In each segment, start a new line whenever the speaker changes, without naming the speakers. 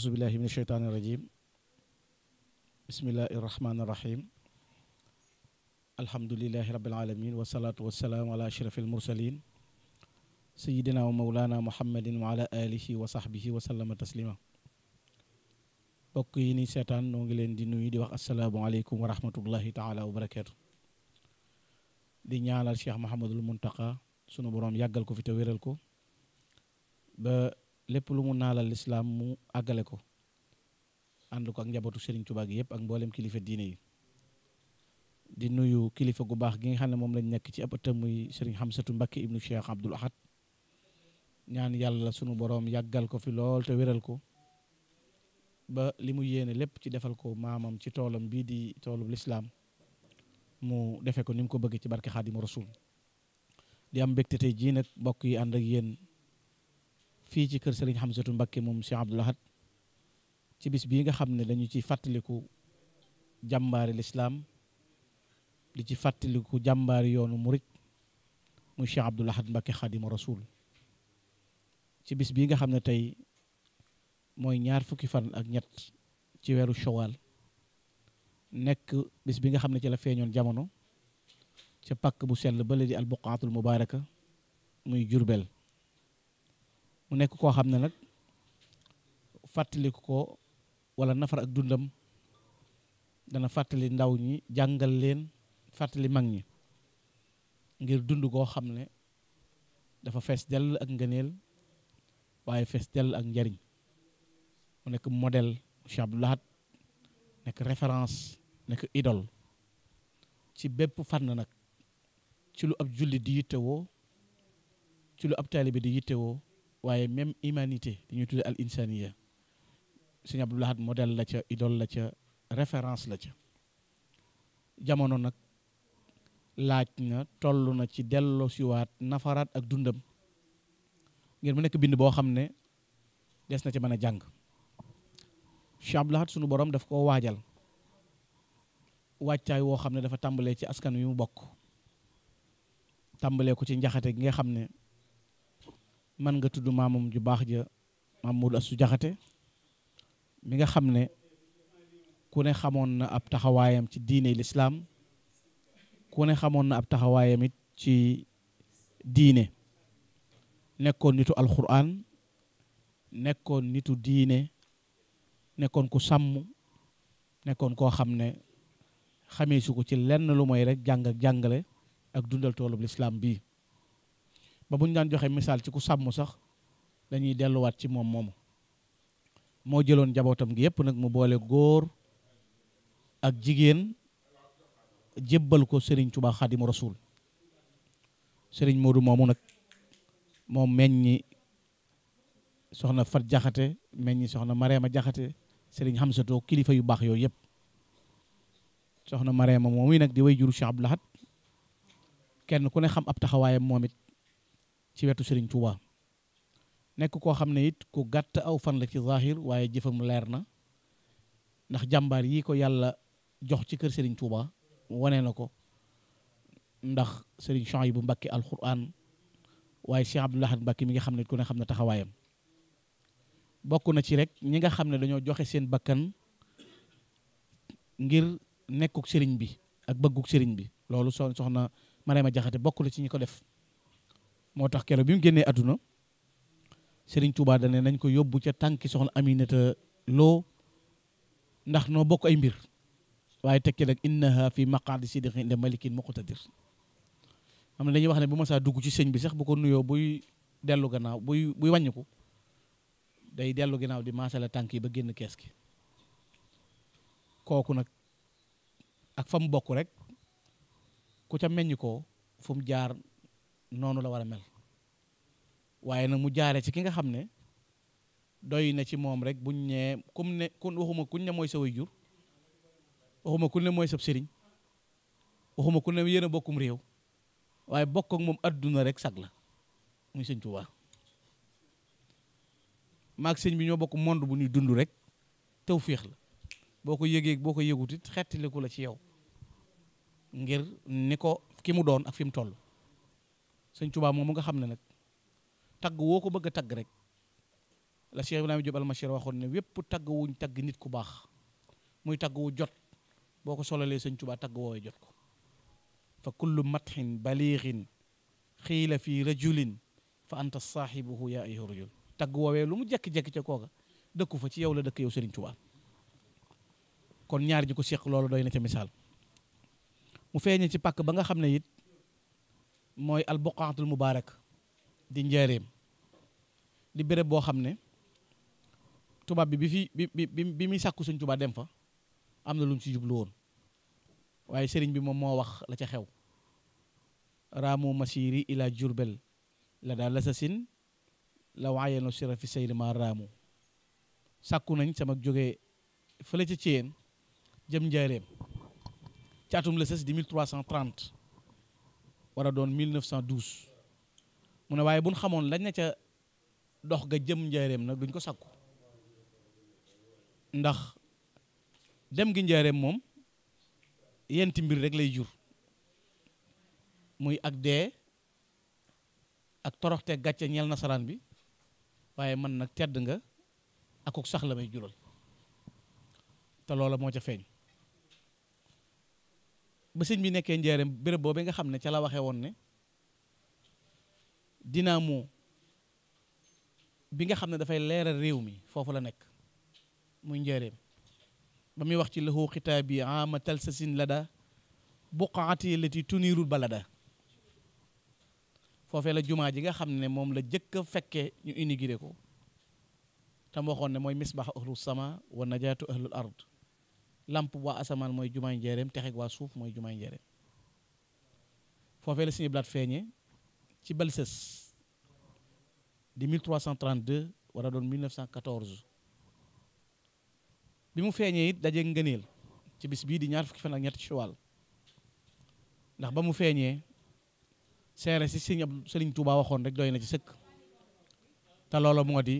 أعوذ بالله من الشيطان الرجيم بسم الله الرحمن الرحيم الحمد لله رب العالمين والصلاة والسلام على أشرف المرسلين سيدنا ومولانا محمد وعلى آله وصحبه وسلم تسليما bokk yi ni seetaan noo ngi leen di nuyu di wax asalaamualeykum wa rahmatullahi taala wa barakaatu di ñaanal Cheikh Mahamadul Muntaqa sunu boroom yàggal ko fi te wéral ko ba lépp lu mu naalal lislaam mu àggale ko ànd ko ak njabootu Serigne Touba gi yëpp ak mbooleem kilifa diine yi di nuyu kilifa gu baax gi nga xam ne moom lañ nekk ci ab ëttam muy Serigne Hamsatu Mbakke ibnu Cheikh Abdoul Ahad ñaan yàlla sunu boroom yàggal ko fi lool te wéral ko ba li mu yéene lépp ci defal ko maamam ci toolam bii di toolub lislaam mu defe ko ni mu ko bëgg ci barke Xaadimu Rasuul di am mbégte tey jii nag mbokk yi ànd ak yéen. fii ci kër Serigne Hamsatu Mbakke moom Cheikh Abdoul Ahad ci bis bii nga xam ne dañu ci fàttaliku jàmbaari lislaam di ci fàttaliku jàmbaari yoonu murit mu Cheikh Abdoul Ahad Mbakke Xaadimu Rasuul ci bis bii nga xam ne tey mooy ñaar fukki fan ak ñett ci weeru Shawal nekk bis bi nga xam ne ci la feeñoon jamono ca pàkk bu sell bële di albuqaatul mubaaraka muy Jurbel mu nekk koo xam ne nag fàttaliku ko walla nafar ak dundam dana fàttali ndaw ñi jàngal leen fàttali mag ñi ngir dund goo xam ne dafa fees dell ak ngëneel waaye fees dell ak njariñ mu nekk modèle Cheikh Abdou nekk référence nekk idol ci bépp fànn nag ci lu ab julli di yittewoo ci lu ab taalibe di yittewoo waaye même humanité li ñuy tuddee al insaniya sëñ Abdou Lahad modèle la ca idole la ca référence la ca jamono nag laaj na toll na ci dello siwaat nafaraat ak dundam ngir mu nekk bind boo xam ne des na ci mën a jàng Cheikh Abdou Lahad sunu borom daf koo waajal waajtaay woo xam ne dafa tàmbalee ci askan wi mu bokk tàmbalee ko ci njaxate gi nga xam ne man nga tudd maamam ju baax ja Mamadou Astou Diakhaté mi nga xam ne ku ne xamoon na ab taxawaayam ci diine lislaam ku ne xamoon na ab taxawaayam it ci diine nekkoon nitu alxuraan nekkoon nitu diine nekkoon ku sàmm nekkoon koo xam ne xamee su ko ci lenn lu mooy rek jàng ak jàngale ak dundal toolub lislaam bii ba bu ñu daan joxe misaal ci ku sàmm sax dañuy delluwaat ci moom moomu moo jëloon jabootam gi yëpp nag mu boole góor ak jigéen jébbal ko Serigne Touba Xaadimu Rasuul sëriñ moodu moomu nag moom meññi soxna Fat Jaxate meññi soxna Marema Jaxate Serigne Xamsatoo kilifa yu baax yooyu yëpp soxna Marema moomu nag di way juru Cheikh Abdou Lahad kenn ku ne xam ab taxawaayam moom it ci wetu Serigne Touba nekk koo xam ne it ku gàtt aw fan la ci zahir waaye jëfam leer na ndax jàmbaar yii ko yàlla jox ci kër sëriñ Touba wane na ko ndax bu Chouhaïbou Mbacké alquran waaye Cheikh Abdoul Ahad mbakki mi nga xam ne ku ne xam ne taxawaayam bokk na ci rek ñi nga xam ne dañoo joxe seen bakkan ngir nekkuk sëriñ bi ak bëgguk sëriñ bi loolu soxna Mariama Jaxate bokk na ci ñi ko def moo tax keroog bi mu génnee àdduna sëriñ Touba da ne nañ ko yóbbu ca tànki soxna Aminata loo ndax noo bokk ay mbir waaye tekki nag innaha fi maqaadi sidqin inda malikin muqtadir am na dañuy wax ne bu ma saa dugg ci sëñ bi sax bu ko nuyoo buy dellu gannaaw buy buy wàññiku day dellu gannaaw di maasale tànk yi ba génn kees gi kooku nag ak fa mu bokk rek ku ca meññ ko fu jaar noonu la war a mel waaye nag mu jaare ci ki nga xam ne doy na ci moom rek bu ñee kum ne kun waxuma kuñ ne mooy sa way jur waxuma kun ne mooy sab sëriñ waxuma kun ne yéen a bokkum réew waaye bokk ak moom adduna rek sag la muy sëñ Tuubaa maag sëñ bi ñoo bokk monde bu ñuy dund rek tawféex la boo ko yëgee boo ko yëgut yëgutit xettiliku la ci yow ngir ni ko ki mu doon ak fi mu toll sëñ Tuubaa moom mu nga xam ne nag tagg woo ko bëgg a tagg rek la Cheikh Ibrahima Diop Almachir waxoon ne yépp tagg wuñ tagg nit ku baax muy tagg wu jot boo ko solalee sëñ Tuubaa tagg woowee jot ko fa kullu matxin baliixin xiila fi rajulin fa anta saaxibuhu yaa ayyuha rajul tagg woowee lu mu jekki-jekki ca kooka dëkku fa ci yow la dëkk yow Serigne Touba kon ñaar ñi ko seq loolu doy na ca misaal mu feeñe ci pàkk ba nga xam ne it mooy albuqaatul mubaarak di njaareem di béréb boo xam ne tubaab bi bi fi bi bi muy sàkku suñ tubaa dem fa am na lu mu ci jublu woon waaye sëriñ bi moom moo wax la ca xew raamu masiri ila jurbel la daal la sa sin la waayeno sira fi sayri ma raamu sàkku nañ sama jógee fële ca Thièyène jëm njaareem ci atum la sës di 1330 war a doon 1912 mu ne waaye bu ñu xamoon lañ ne ca dox ga jëm njaareem nag duñ ko sakku ndax dem gi njaareem moom yenti mbir rek lay jur muy ak dee ak toroxte gàcce ñeel nasaraan bi waaye mën nag tedd nga akuk sax la may jural te loola moo ca feeñ ba sëñ bi nekkee njaareem béréb boobu nga xam ne ca la waxee woon ne dynamo bi nga xam ne dafay leeral réew mi foofu la nekk muy njaareem ba muy wax ci lahu xitaab yi ama talsasin lada buqaati lati tunirul balada foofee la jumaa ji nga xam ne moom la jëkk fekke ñu inauguré ko tam waxoon ne mooy misbax ahlus sama wa najaatu ahlul ard làmp waa asamaan mooy jumaay njeereem texeeg waa suuf mooy jumaay njeereem foofee la Sëñ Blaat feeñee ci Belses di 1332 war a doon 1914 bi mu feeñee it daje ngëneel ci bis bii di ñaar fukki fan ak ñetti Chawal ndax ba mu feeñee seere si sëñ ab sëriñ Touba waxoon rek doy na ci sëkk te loola moo di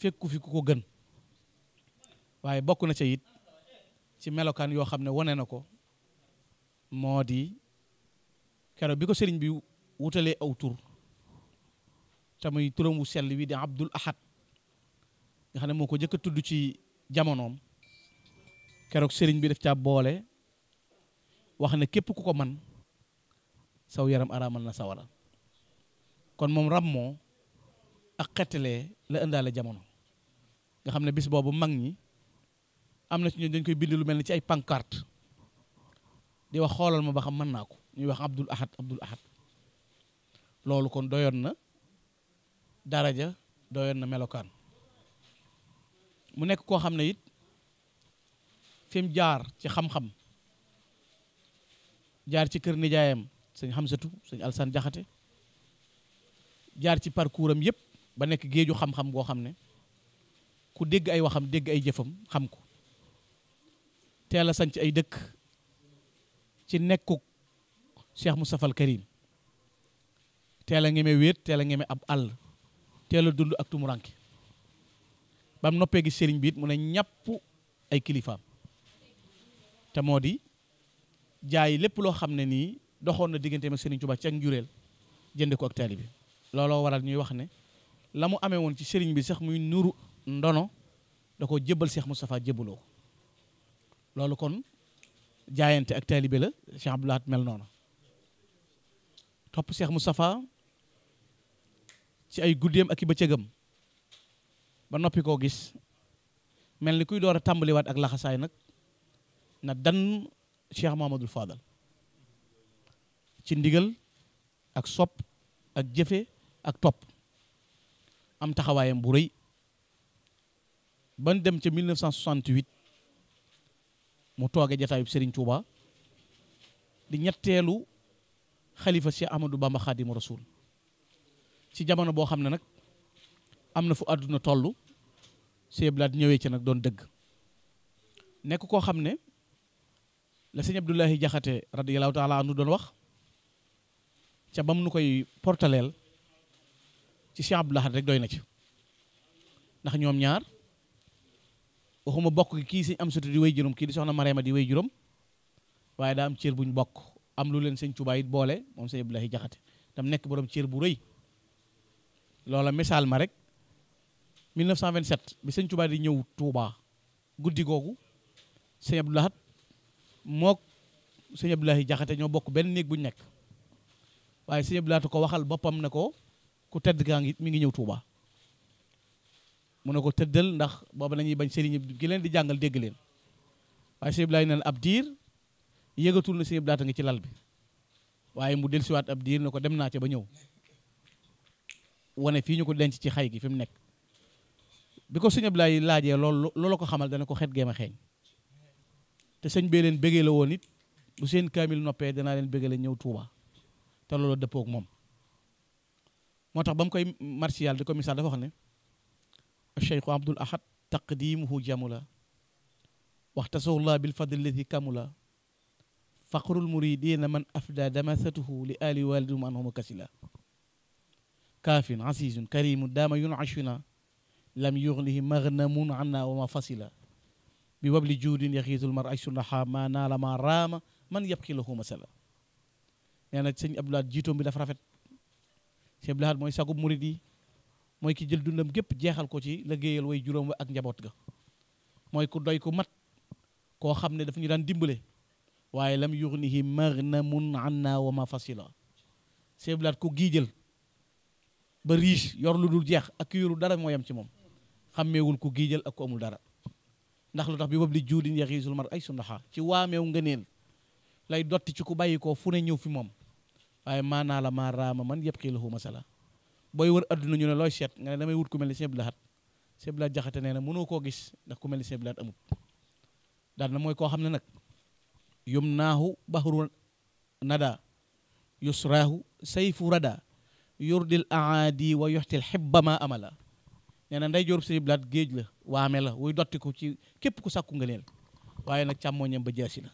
fekku fi ku ko gën waaye bokk na ca it ci melokaan yoo xam ne wane na ko moo di keroog bi ko sëriñ bi wutalee aw tur te muy turam wu sell wi di Abdul Ahad nga xam ne moo ko jëkk a tudd ci jamonoom keroog sëriñ bi def caa boole wax ne képp ku ko man saw yaram araamal na sawara kon moom rab moo ak xettalee la ëndaale jamono nga xam ne bis boobu mag ñi am na ci ñooñu dañ koy bind lu mel ni ci ay pancarte di wax xoolal ma ba xam mën naa ko ñuy wax Abdul Ahad Abdul Ahad loolu kon doyoon na daraja doyoon na melokaan mu nekk koo xam ne it fi jaar ci xam-xam jaar ci kër nijaayam sëñ Xamsatu sëñ Alsan Jaxate jaar ci parkuuram am yëpp ba nekk géeju xam-xam boo xam ne ku dégg ay waxam dégg ay jëfam xam ko teel a sanc ay dëkk ci nekkuk Cheikh mu safal Karim teel a ngeme wéet teel a ngeme ab àll teel a dund ak tumuranke bam noppee gis sëriñ bi mu ne ñàpp ay kilifaam te moo di jaay lépp loo xam ne nii doxoon na digganteem ak sëriñ Tuubaa ci njureel jënde ko ak taali bi looloo waral ñuy wax ne la mu amee woon ci sëriñ bi sax muy nuru ndono da ko jébbal mu Moustapha jébbaloo ko loolu kon jaayante ak taalibe la Cheikh Abdou Lahad mel noonu topp Cheikh Moustapha ci ay guddeem ak i bëccëgam ba noppi koo gis mel ni kuy door a tàmbaliwaat ak laxasaay nag na dan Cheikh Mamadou Fadal ci ndigal ak sopp ak jëfe ak topp am taxawaayam bu rëy ban dem ca 1968 mu tooge jataayub Serigne Touba di ñetteelu xalifa si amadu Bamba Khadim Rasoul ci jamono boo xam ne nag am na fu àdduna toll Cheikh Blad ñëwee ci nag doon dëgg nekk koo xam ne la sëñ Abdoulahi Jaxate radiyallahu taala anu doon wax ca bam nu koy portaleel ci Cheikh Abdoulahat rek doy na ci ndax ñoom ñaar waxuma bokk kii sëñ am sutu di way juróom kii di soxna Marema di way juróom waaye daa am cër buñ bokk am lu leen sëñ Tuubaa boole moom sëñ Abdoulaye Jaxate tam nekk borom cër bu rëy loola ma rek 1927 bi sëñ Tuubaa di ñëw Tuubaa guddi googu sëñ Abdou Lahad mook sëñ Abdoulaye Jaxate ñoo bokk benn néeg buñ nekk waaye sëñ Abdou ko waxal boppam ne ko ku tedd gaa ngi mi ngi ñëw Tuubaa mu ne ko tëddal ndax booba dañuy bañ sëriñ gi leen di jàngal dégg leen waaye sëñ Ibrahima neen ab diir yëgatul na sëñ Ibrahima ngi ci lal bi waaye mu siwaat ab diir ne ko dem naa ca ba ñëw wane fii ñu ko denc ci xay gi fi mu nekk bi ko sëñ Ablaye laajee loolu loolu ko xamal dana ko xet géem a xeeñ te sëñ bee leen béggee la woon it bu seen kaamil noppee danaa leen bëggee la ñëw tuuba te loolu dëppoo moom moo tax ba mu koy martial di ko misaal dafa wax ne cheikhu abdul ahad taqdimuhu jamula waxtasowlaa bilfadl alladi kamula faqrul muridina man afda damasatuhu li ali walidum anhuma kasila kaafin asisun karimun daama yunashuna lam yugnihi magnamun anna wa ma fasila bi wabli juudin yaxiisul mar aj sunnaha ma naala ma raama man yabqi lahu masala nee na sëñ Abdou Lahad jiitoom bi dafa rafet sëñ Abdou Lahad mooy sagub murid yi mooy ki jël dundam gépp jeexal ko ci liggéeyal way juróom wa ak njaboot ga mooy ku doy ku mat koo xam ne daf ñu daan dimbale waaye lam yuxnihi magnamun anna wa ma fasila seeblaat ku giijal ba riche yor lu dul jeex ak ki yoru dara moo yam ci moom xàmmeewul ku giijal ak ku amul dara ndax lu tax bi bab li juudin yaxiisul mar ay su sundaxa ci waameew ngëneel lay dotti ci ku bàyyi koo fu ne ñëw fi moom waaye naa la maa raama man yëpp xii lahu masala booy wër adduna ñu ne looy seet nga ne damay wut ku mel ni Sëñ Abdou Lahad Sëñ jaxate nee na mënoo koo gis ndax ku mel ni Sëñ Abdou amut daal na mooy koo xam ne nag yum naahu bahru nada yusraahu sayfu rada yurdil aadi wa yoxtil xibbama amala nee na nday joorub géej la waame la wuy dotti ko ci képp ku sàkku nga neel waaye nag càmmooñam ba jaasi la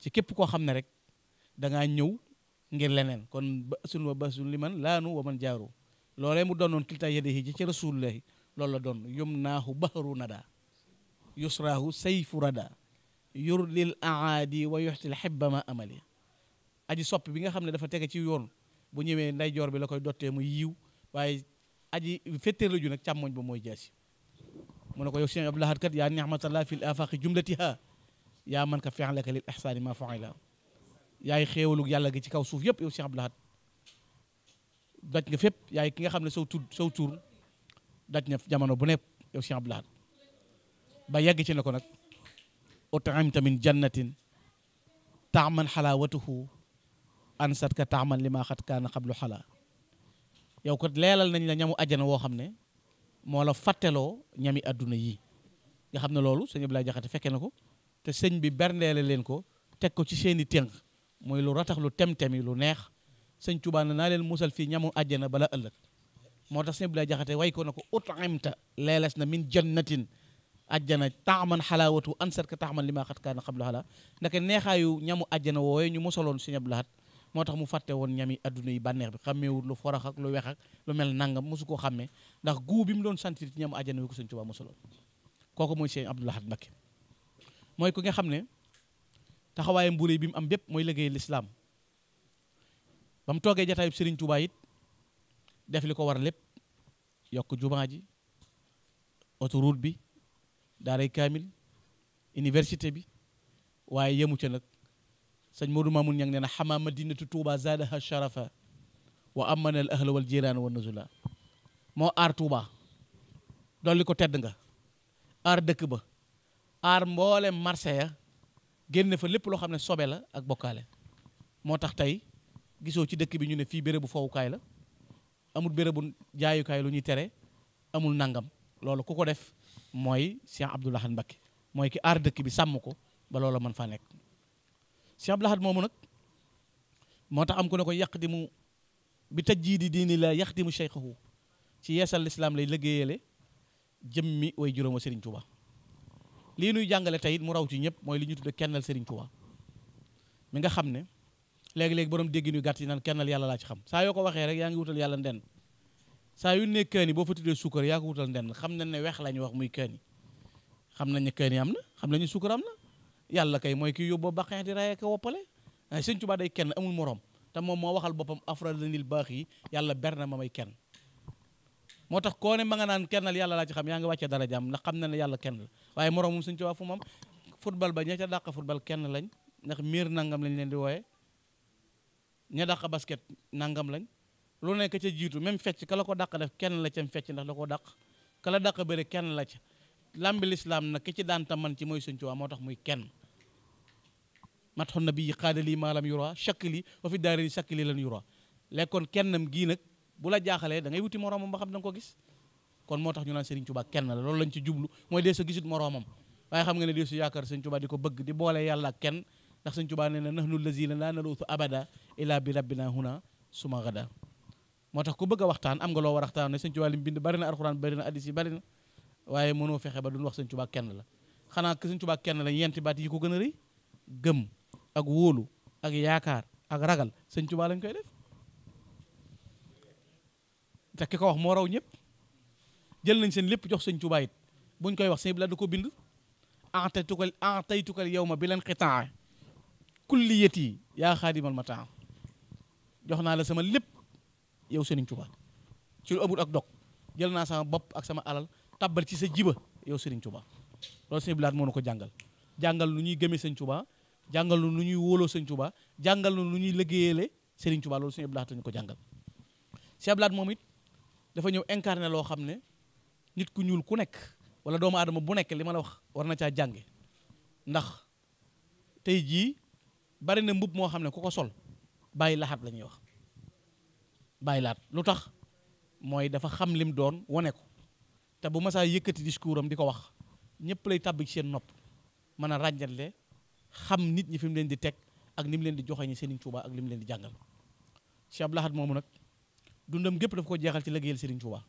ci képp koo xam ne rek dangaa ñëw ngir leneen kon basun wa basun li man laanu wa man jaaru loolee mu doonoon kilta yadihi ji ci rasulullahi loolu la doon yum naahu bahru nada yusrahu sayfu rada yurlil aadi wa yuxtil xibba ma amali aji sopp bi nga xam ne dafa tege ci yoon bu ñëwee ndeyjoor bi la koy dottee mu yiw waaye aji fetteerlu ju nag càmmoñ ba mooy jaasi mu ne ko yow sëñ Abdou yaa ni'matallah fil afaqi jumlatiha yaa man ka fi'laka lil ihsani ma fa'ila yaay xéewalug yàlla gi ci kaw suuf yëpp yow Cheikh Abdou Lahad daj nga fépp yaay ki nga xam ne saw tur saw tur daj na jamono bu nekk yow Cheikh ba yegg ci ne ko nag utaimta min jannatin taaman xalaawatuhu ansat ka taaman li maa xat kaana xalaa yow leelal nañ la ñamu ajjana woo xam ne moo fàtteloo ñami adduna yi nga xam ne loolu sëñ Abdoulaye Jaxate fekke na ko te sëñ bi berndeele leen ko teg ko ci seeni tenk mooy lu ratax lu tem-tem yi lu neex sëñ Tuubaa na naa leen musal fii ñamu àjjana bala ëllëg moo tax sëñ bi lay way ko na ko utimta leeles na min jannatin àjjana taaman xalaawatu ansar ka taaman li maa xat kaana xam la xala ndaka neexaayu ñamu àjjana wooye ñu mosaloon sëñ Abdu Lahat moo tax mu fàtte woon ñami adduna yi bànneex bi xammeewul lu forax ak lu wex ak lu mel nangam mosu koo xammee ndax guu bi mu doon sentir ci ñamu àjjana wi ko sëñ Tuubaa kooku mooy sëñ Abdu Lahat Mbakke mooy ku nga xam ne taxawaayam bu bi mu am bépp mooy liggéey lislaam ba mu toogee jataayub Serigne Touba it def li ko war lépp yokk jumaa ji autoroute bi daaray kaamil université bi waaye yemu ca nag sëñ Modou Mamoun ñang nee na xamaa madinatu Touba zaadaha sharafa wa amana al ahla wal jiraan wa nazula moo aar Touba dolli ko tedd nga aar dëkk ba aar mboolem marché ya génne fa lépp loo xam ne sobee la ak bokkaale moo tax tey gisoo ci dëkk bi ñu ne fii bérébu fowukaay la amul bérébu jaayukaay lu ñuy tere amul nangam loolu ku ko def mooy Cheikh Abdou Lahad mooy ki aar dëkk bi sàmm ko ba loola mën faa nekk Cheikh Abdou moomu nag moo tax am ku ne ko yàq di mu bi taj jii di diini la yàq di mu cheikhahu ci yeesal lislaam lay liggéeyale jëmmi way juróoma Serigne Touba lii nuy jàngale tey it mu raw ci ñëpp mooy li ñu tudde kennal Serigne Touba mi nga xam ne léegi-léegi borom dégg ñu gàtt yi naan kennal yàlla laa ci xam saa yoo ko waxee rek yaa ngi wutal yàlla ndenn saa yu ne kaani boo fa tuddee suukar yaa ko wutal ndenn xam nañ ne weex la wax muy kaani xam nañ ne kaani am na xam nañu suukar am na yàlla kay mooy kii yóbboo baqeex di raye ko woppale Serigne Touba day kenn amul morom te moom moo waxal boppam afra lanil baax yi yàlla ber na ma kenn moo tax koo ne ma nga naan kennal yàlla laa ci xam yaa ngi wàccee dara jàmm ndax xam na ne yàlla kenn la waaye moroom moom suñu ci waa fu moom football ba ña ca dàq football kenn lañ ndax miir nangam lañ leen di wooye ña dàq basket nangam lañ lu nekk ca jiitu même fecc ka la ko dàq def kenn la ca fecc ndax la ko dàq ka la dàq bëre kenn la ca làmbi lislaam na ki ci daan tam man ci mooy suñu ci waa moo tax muy kenn matxon na bi yi xaadalii maalam yura chakkli wa fi daari chakkli lan yura lekkoon kennam bu la jaaxalee da wuti moroomam ba xam da nga ko gis kon moo tax ñu naan Serigne Touba kenn la loolu lañ ci jublu mooy dee sa gisut moroomam waaye xam nga ne dee su yaakaar Serigne Touba di ko bëgg di boole yàlla kenn ndax Serigne Touba nee na nahnu lazina la naluutu abada illa bi rabbina huna suma gada moo tax ko bëgg a waxtaan am nga loo war a waxtaan ne Serigne Touba li mu bind bari na alxuraan bari na hadis yi bari na waaye mënoo fexe ba duñ wax Serigne Touba kenn la xanaa que Serigne Touba kenn la yenti baat yi ko gën a rëy gëm ak wóolu ak yaakaar ak ragal Serigne Touba lañ koy def te ki ko wax moo raw ñëpp jël nañ seen lépp jox sëñ Tuubaa it buñ koy wax sëñ bi la da ko bind entaytukal entaytukal yow ma bi leen xitaan kulliyet yi yaa xaadimal mataa jox naa la sama lépp yow sëriñ Tuubaa ci lu amul ak dog jël naa sama bopp ak sama alal tabbal ci sa jiba yow sëriñ Tuubaa loolu sëñ bi ko jàngal jàngal nu ñuy gëmee sëñ Tuubaa jàngal nu ñuy wóoloo sëñ Tuubaa jàngal ñuy liggéeyale sëriñ Tuubaa sëñ bi laat ko jàngal moom it dafa ñëw incarné loo xam ne nit ku ñuul ku nekk wala doomu aadama bu nekk li ma la wax war na caa jànge ndax tey jii bari na mbub moo xam ne ku ko sol bàyyi laxaat la ñuy wax bàyyi laat lu tax mooy dafa xam lim doon wane ko te bu masaa yëkkati discours am di ko wax ñëpp lay tàbbi ci seen nopp mën a ràññaatle xam nit ñi fi mu leen di teg ak ni mu leen di joxe ñi Serigne Touba ak li leen di jàngal Cheikh Abdou Lahad moomu nag dundam gépp dafa ko jeexal ci liggéeyal Serigne Touba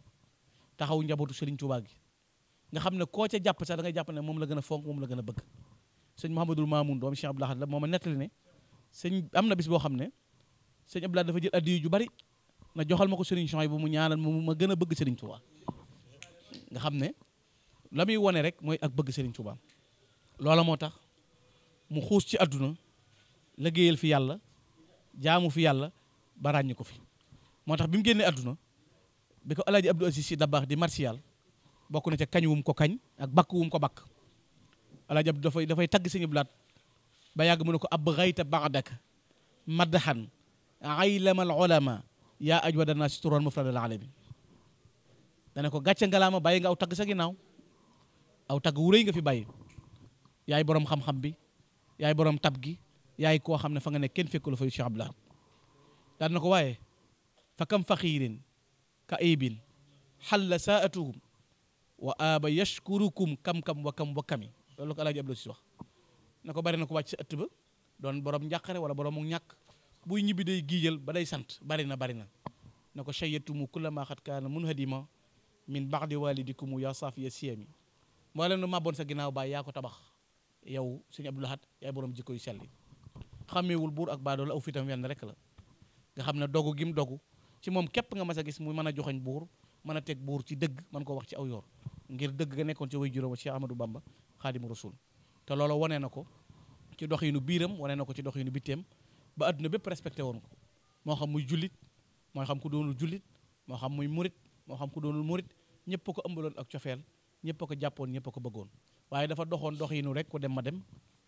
taxaw njabootu Serigne Touba gi nga xam ne koo ca jàpp sax dangay jàpp ne moom la gën a fonk moom la gën a bëgg sëñ Mouhamadul Mamoun doom Cheikh Abdou Lahad la moo ma nettali ne sëñ am na bis boo xam ne sëñ Abdou dafa jël addiya ju bari na joxal ma ko Serigne Chouaïb bu mu ñaanal mu ma gën a bëgg nga xam ne la muy wone rek mooy ak bëgg Serigne Touba loola moo tax mu xuus ci àdduna liggéeyal fi yàlla jaamu fi yàlla ba ràññi ko fi moo tax bi mu génnee àdduna bi ko alaaji Abdou Aziz Sy Dabakh di martial bokk na ca kañ wum ko kañ ak bakk wum ko bakk alaaji Abdou dafay dafay tagg Sëñ Abdou ba yàgg mu ne ko ab rayta baxdaka maddaxan aylamal olama yaa ajwada naasi ma mufradal alamin dana ko gàcce ngalaama bàyyi nga aw tagg sa ginnaaw aw tagg wu nga fi bay yaay boroom xam-xam bi yaay borom tab gi yaay koo xam ne fa nga ne kenn fekku la fa yu Cheikh Abdou Lahat daan na ko waaye fa kam faxiirin ka aybin xalla saatuhum wa aaba yashkurukum kam-kam wa kam wa kami loolu ko alaaji Abdu Si wax na ko bari na ko wàcc sa ëtt ba doon borom njàqare wala borom mu ñàkk buy ñibbi day ba day sant bari na bari na ko shayatumu kulla ma xat kaana mun hadima sa ginnaaw baay yaa tabax yow sëñ Abdou Lahad yaay borom jikko buur ak baadoolo rek la nga xam ne dogu gim dogu ci moom képp nga mas a gis mu mën a joxoñ buur mën a teg buur ci dëgg mën ko wax ci aw yoon ngir dëgg nga nekkoon ci way juróom Cheikh Ahmadou Bamba xaadimu rasul te loolu wanee na ko ci doxinu biiram wane na ko ci doxinu bitteem ba adduna bépp respecté woon ko moo xam muy jullit moo xam ku doonul jullit moo xam muy murit moo xam ku doonul murit ñëpp a ko ëmbaloon ak cofeel ñëpp a ko jàppoon ñëpp ko bëggoon waaye dafa doxoon doxinu rek ku dem ma dem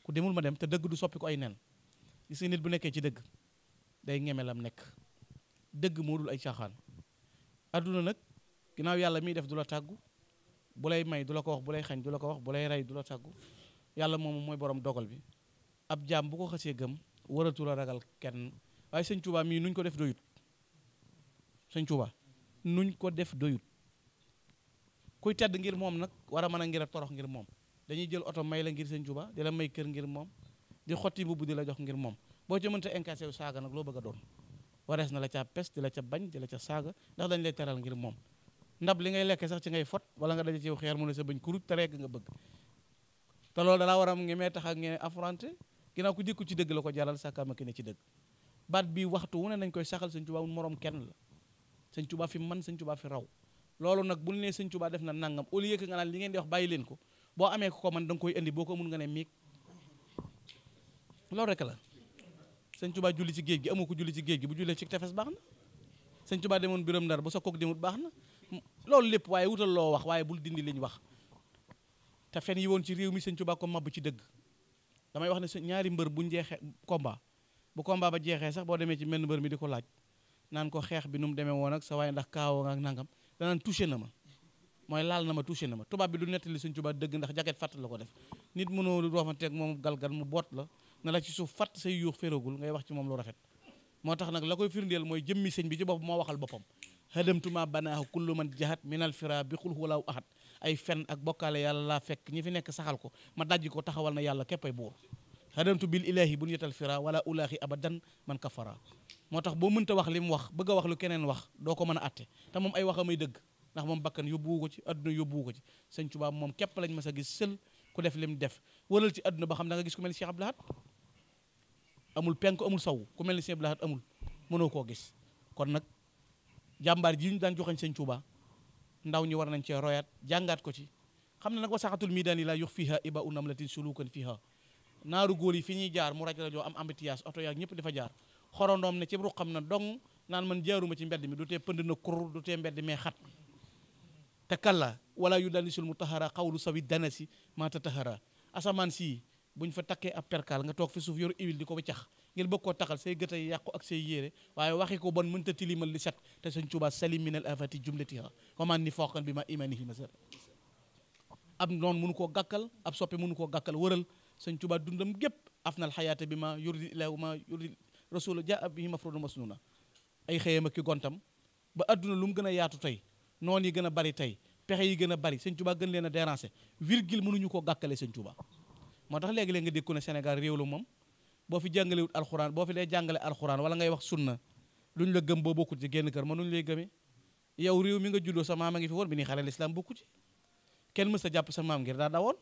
ku demul ma dem te dëgg du soppi ay nen gis bu nekkee ci dëgg day ñeme lam nekk dëgg moo dul ay caaxaan adduna nag ginnaaw yàlla miy def du la tàggu bu lay may du la ko wax bu lay xañ du la ko wax bu lay rey du la tàggu yàlla moomu mooy borom dogal bi ab jaam bu ko xasee gëm waratu ragal kenn waaye sëñ Tuubaa mii nuñ ko def doyut sëñ Tuubaa nuñ ko def doyut kuy tedd ngir moom nag war a mën a ngir a torox ngir moom dañuy jël oto may la ngir sëñ Tuubaa di la may kër ngir moom di xotti bu di la jox ngir moom boo ci mënta incassé wu saaga nag loo bëgg a doon warees na la ca pes di la ca bañ di la ca saaga ndax dañ lay teral ngir moom ndab li ngay lekke sax ci ngay fot wala nga daje ci xeer mu ne sa bañ kuruj te rekk nga bëgg te loolu dalaa waram ngi mee tax ak ngeen affronté ginnaaw ku jikku ci dëgg la ko jaral sàkkaama ki ne ci dëgg baat bi waxtu wu ne nañ koy saxal sëñ Tuubaa moroom kenn la sëñ Tuubaa fi man sëñ Tuubaa fi raw loolu nag bu ñu nee sëñ Tuubaa def na nangam au lieu nga naan li ngeen di wax bàyyi leen ko boo amee ko ko man da koy indi boo ko mun nga ne miig rek la sëñ Tuubaa julli ci géej gi amoo ko julli ci géej gi bu jullee ci tefes baax na sëñ Tuubaa demoon biram ndar bu sa kook demut baax na loolu lépp waaye wutal loo wax waaye bul dindi liñ wax te fen yi woon ci réew mi sëñ Tuubaa ko mabb ci dëgg damay wax ne sa ñaari mbër bu jeexee komba bu komba ba jeexee sax boo demee ci menn mbër mi di ko laaj naan ko xeex bi nu mu demee woon ak sa waaye ndax kaawoo nga ak nangam danaan touché na ma mooy laal na ma touché na ma tubaab bi du nettali sëñ Tuubaa dëgg ndax jaket fàtt la def nit mënoo roofanteeg moom galgal mu boot la na la ci suuf fàtt say yuux féroogul ngay wax ci moom lu rafet moo tax nag la koy firndeel mooy jëmmi sëñ bi ci bopp moo waxal boppam hadamtuma banaahu kullu man jahat minal fira bi xul walaw ahad ay fen ak bokkaale yàlla laa fekk ñi fi nekk saxal ko ma dajji ko taxawal na yàlla képpay buur hadamtu bil ilahi bu yetal fira wala ulaahi abadan man kafara moo tax boo mënta wax li mu wax bëgg a wax lu keneen wax doo ko mën a atte te moom ay waxamay dëgg ndax moom bakkan yóbbuwu ko ci adduna yóbbuwu ko ci sëñ Tuubaa moom képp lañ mas a gis sël ku def lim def wëral ci adduna ba xam da nga gis ku mel Cheikh Abdou amul penk amul saw ku mel ni Sëñ Abdou Lahad amul mënoo koo gis kon nag jàmbaar ji ñu daan joxañ Sëñ Tuuba ndaw ñi war nañ cee royaat jàngaat ko ci xam na nag wasaxatul miidaani laa yux fiha iba u namlatin sulukan fiha naaru góor yi fi ñuy jaar mu raj la joo am embouteillage oto yaag ñëpp dafa jaar xorondoom ne ci ruqam na dong naan man jaaruma ci mbedd mi du tee pënd na kur du tee mbedd mee xat te kalla wala yu danisul mutahara xawlu sawi danasi ma tatahara asamaan buñ fa takkee ab perkaal nga toog fi suuf yoru huile di ko wiccax ngir bëgg koo taxal say gët ay yàqu ak say yére waaye waxi ko bon mënta tilimal li set te sëñ Tuubaa salim minal afati jumlatiha waman ni fooqan bi ma imanihi masar ab noon mënu koo gàkkal ab soppe mënu koo gàkkal wëral sëñ Tuubaa dundam gépp afnal xayaata bi ma yurdi ilaahu ma yurdi rasula jaa bihi mafrudu na ay xëyam ak ki gontam ba adduna lu mu gën a yaatu tey noon yi gën a bari tey pexe yi gën a bari sëñ Tuubaa gën leen a déranger virgule mënuñu koo gàkkale sëñ moo tax léegi-léegi nga dégg ku ne Sénégal réew la moom boo fi jàngalewut alxuraan boo fi dee jàngale alxuraan wala ngay wax sunna luñ la gëm boo bokkut ci génn kër mënuñ lee gëmee yow réew mi nga juddoo sa maam a ngi fi woon bi ni xale lislaam bokku ci kenn mës a jàpp sa maam ngir daa dawoon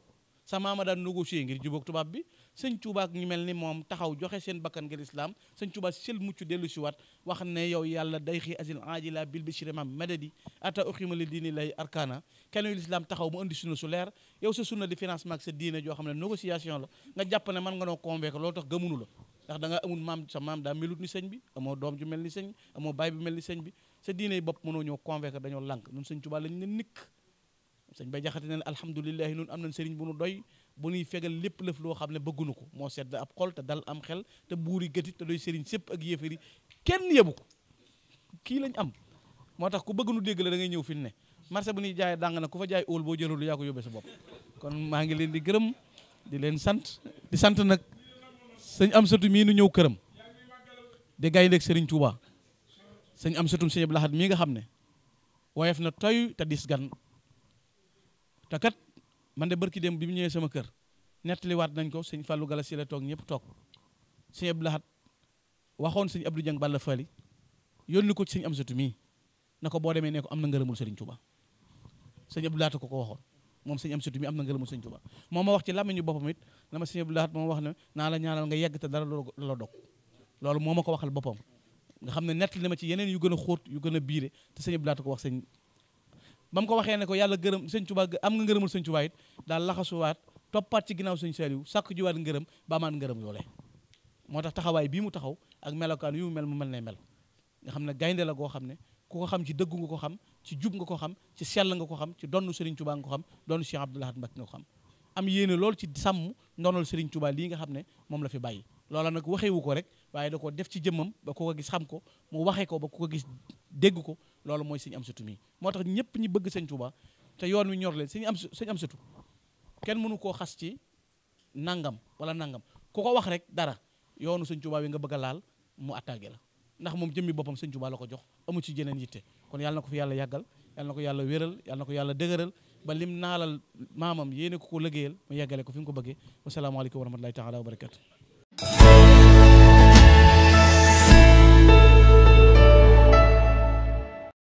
sa maama daan négocier ngir jubóog tubaab bi sëñ Tuubaa ak ñu mel ni moom taxaw joxe seen bakkan ngir islaam sëñ Tuubaa sel mucc dellu si waat wax ne yow yàlla day xi asil ajila bil bishri ma madadi ata uximali diini lay arkana kenn lislaam taxaw mu indi sunna su leer yow sa sunna di financement ak sa diine joo xam ne négociation la nga jàpp ne mën nga noo convaincre loolu tax gëmunu la ndax da nga amul maam sa maam daa melut ni sëñ bi amoo doom ju mel ni sëñ bi amoo baay bi mel ni sëñ bi sa diine yi bopp mënoo dañoo lànk ñun sëñ Tuubaa lañ ne nikk sëñ bay jaxate ne alhamdulilahi nun am nañ sëriñ bu nu doy bu nuy fegal lépp lëf loo xam ne bëggunu ko moo sedd ab xol te dal am xel te buuri gëti te doy sëriñ sépp ak yéefari kenn yebu ko kii lañ am moo tax ku bëgg nu dégg la da ngay ñëw fi ne marché bu ñuy jaay dàng na ku fa jaay óol boo jëlul yaa ko yóbbee sa bopp kon maa ngi leen di gërëm di leen sant di sant nag sëñ am satu mii nu ñëw këram di gayndeeg sëriñ Touba sëñ am satum sëñ Abdou Lahad mii nga xam ne woyof na toy te dis gan te kat man de barki dem bi mu ñëwee sama kër nettaliwaat nañ ko sëñ Fallou Gala si la toog ñëpp toog sëñ Abdou Lahat waxoon sëñ Abdou Dieng Balla Fali yónni ko ci sëñ Amsatu mii na ko boo demee ne am na ngërëmul sëriñ Touba sëñ Abdou Lahat ko ko waxoon moom sëñ Amsatu mii am na ngërëmul sëriñ Touba moom ma wax ci làmmiñu boppam it na ma sëñ Abdou Lahat moom wax naa la ñaanal nga yegg te dara la dog loolu moo ma ko waxal boppam nga xam ne nettali ma ci yeneen yu gën a xóot yu gën a biire te sëñ Abdou Lahat ko wax sëñ ba mu ko waxee ne ko yàlla gërëm sëñ Tuubaa am nga ngërëmul sëñ Tuubaa it daal laxasuwaat toppaat ci ginnaaw sëñ sàkk juwaat ngërëm ba amaat ngërëm loole moo tax taxawaay bii mu taxaw ak melokaan yu mel mu mel na mel nga xam ne gaynde la goo xam ne ku ko xam ci dëggu nga ko xam ci jub nga ko xam ci sell nga ko xam ci donn Serigne Touba nga ko xam donnu Cheikh Abdoul Ahad Mbacké xam am yéene lool ci sàmm ndonol Serigne Touba lii nga xam ne moom la fi bàyyi loola nag waxewu ko rek waaye da ko def ci jëmmam ba ku ko gis xam ko mu waxee ko ba ku ko gis dégg ko loolu mooy sëñ am satu mii moo tax ñëpp ñi bëgg sëñ Touba te yoon wi ñor leen sëñ am sëñ am satu kenn mënu koo xas ci nangam wala nangam ku ko wax rek dara yoonu sëñ Touba wi nga bëgga laal mu attaqué la ndax moom jëmmi boppam sëñ Touba la ko jox amu ci jeneen yitte kon yàlla ko fi yàlla yàggal yàlla na ko yàlla wéral yàlla na ko yàlla dëgëral ba lim naalal maamam yéene ko ko liggéeyal mu yeggale ko fi mu ko bëggee wasalaamaaleykum wa rahmatulahi taala